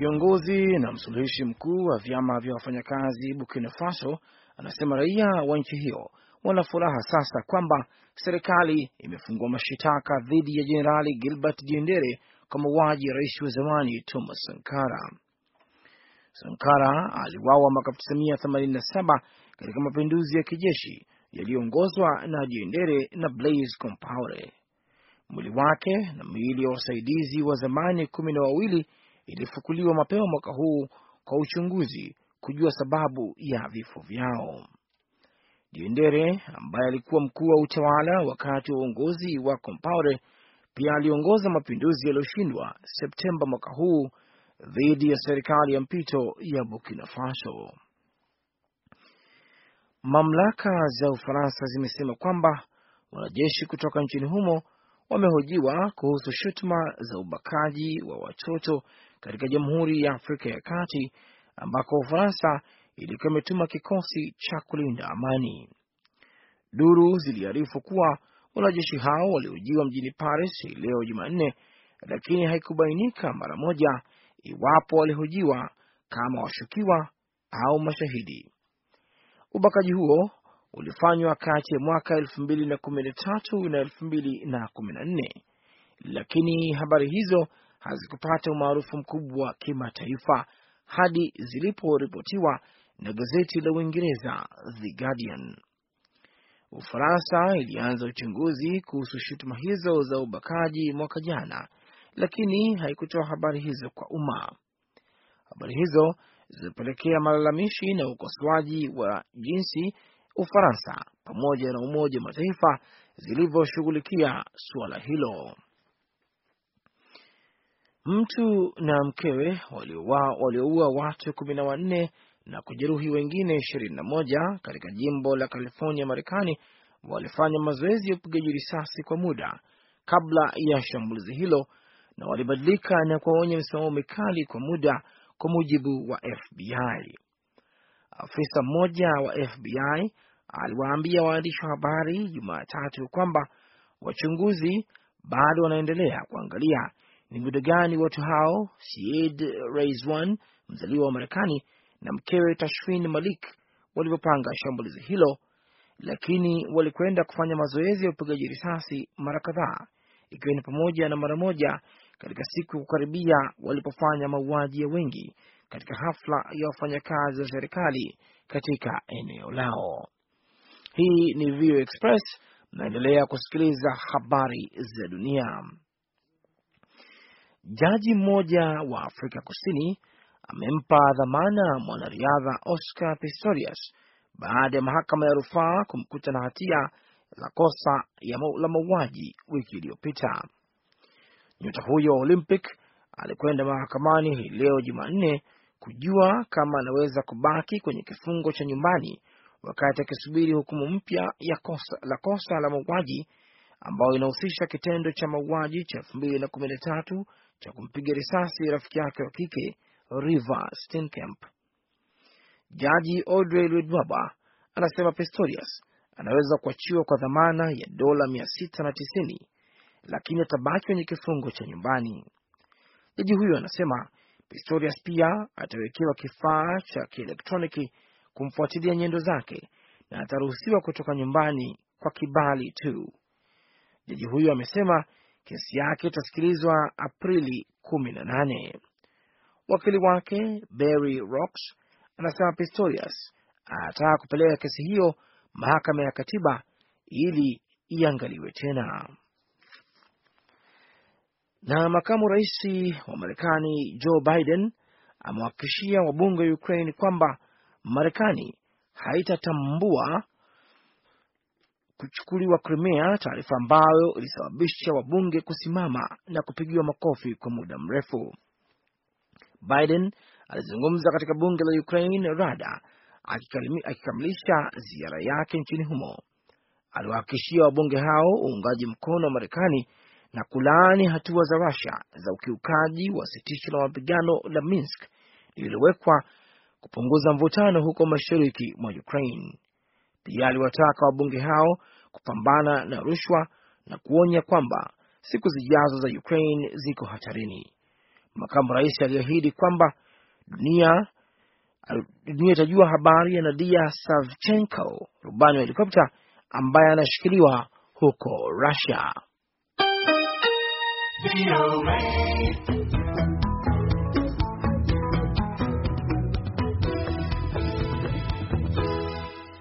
Kiongozi na msuluhishi mkuu wa vyama vya wafanyakazi Burkina Faso anasema raia wa nchi hiyo wana furaha sasa kwamba serikali imefungua mashitaka dhidi ya Jenerali Gilbert Diendere kwa mauaji ya rais wa zamani Thomas Sankara. Sankara aliwawa mwaka 1987 katika mapinduzi ya kijeshi yaliyoongozwa na Diendere na Blaise Compaore. Mwili wake na miili ya wasaidizi wa zamani kumi na wawili ilifukuliwa mapema mwaka huu kwa uchunguzi kujua sababu ya vifo vyao. Diendere ambaye alikuwa mkuu wa utawala wakati wa uongozi wa Compaore pia aliongoza mapinduzi yaliyoshindwa Septemba mwaka huu dhidi ya serikali ya mpito ya Burkina Faso. Mamlaka za Ufaransa zimesema kwamba wanajeshi kutoka nchini humo wamehojiwa kuhusu shutuma za ubakaji wa watoto katika Jamhuri ya Afrika ya Kati ambako Ufaransa ilikuwa imetuma kikosi cha kulinda amani. Duru ziliarifu kuwa wanajeshi hao waliojiwa mjini Paris leo Jumanne, lakini haikubainika mara moja iwapo walihojiwa kama washukiwa au mashahidi. Ubakaji huo ulifanywa kati ya mwaka elfu mbili na kumi na tatu na elfu mbili na kumi na nne, lakini habari hizo hazikupata umaarufu mkubwa kimataifa hadi ziliporipotiwa na gazeti la Uingereza The Guardian. Ufaransa ilianza uchunguzi kuhusu shutuma hizo za ubakaji mwaka jana, lakini haikutoa habari hizo kwa umma. Habari hizo zilipelekea malalamishi na ukosoaji wa jinsi Ufaransa pamoja na Umoja wa Mataifa zilivyoshughulikia suala hilo. Mtu na mkewe walioua walio watu kumi na wanne na kujeruhi wengine ishirini na moja katika jimbo la California, Marekani walifanya mazoezi ya upigaji risasi kwa muda kabla ya shambulizi hilo na walibadilika na kuwaonya msimamo mikali kwa muda, kwa mujibu wa FBI. Afisa mmoja wa FBI aliwaambia waandishi wa habari Jumatatu kwamba wachunguzi bado wanaendelea kuangalia ni muda gani watu hao Said rais mzaliwa wa Marekani, na mkewe Tashfin Malik walivyopanga shambulizi hilo, lakini walikwenda kufanya mazoezi ya upigaji risasi mara kadhaa, ikiwa ni pamoja na mara moja katika siku ya kukaribia walipofanya mauaji ya wengi katika hafla ya wafanyakazi wa serikali katika eneo lao. Hii ni VOA Express, mnaendelea kusikiliza habari za dunia. Jaji mmoja wa Afrika Kusini amempa dhamana mwanariadha Oscar Pistorius baada ya mahakama ya rufaa kumkuta na hatia la kosa la mauaji wiki iliyopita. Nyota huyo wa Olympic alikwenda mahakamani hii leo Jumanne kujua kama anaweza kubaki kwenye kifungo cha nyumbani wakati akisubiri hukumu mpya ya kosa la kosa la mauaji ambayo inahusisha kitendo cha mauaji cha elfu mbili na kumi na tatu cha kumpiga risasi rafiki yake wa kike River Steenkamp. Jaji Audrey Ludwaba anasema Pistorius anaweza kuachiwa kwa dhamana ya dola mia sita na tisini lakini atabaki kwenye kifungo cha nyumbani. Jaji huyo anasema Pistorius pia atawekewa kifaa cha kielektroniki kumfuatilia nyendo zake na ataruhusiwa kutoka nyumbani kwa kibali tu. Jaji huyo amesema kesi yake itasikilizwa Aprili kumi na nane. Wakili wake Barry Rocks anasema Pistorius anataka kupeleka kesi hiyo mahakama ya katiba ili iangaliwe tena. Na makamu rais wa Marekani Joe Biden amewahakikishia wabunge wa Ukraine kwamba Marekani haitatambua kuchukuliwa Crimea, taarifa ambayo ilisababisha wabunge kusimama na kupigiwa makofi kwa muda mrefu. Biden alizungumza katika bunge la Ukraine Rada akikamilisha ziara yake nchini humo. Aliwahakikishia wabunge hao uungaji mkono wa Marekani na kulaani hatua za Russia za ukiukaji wa sitisho la mapigano la Minsk lililowekwa kupunguza mvutano huko mashariki mwa Ukraine. Pia aliwataka wabunge hao kupambana na rushwa na kuonya kwamba siku zijazo za Ukraine ziko hatarini. Makamu rais aliahidi kwamba dunia dunia itajua habari ya Nadia Savchenko, rubani wa helikopta ambaye anashikiliwa huko Russia.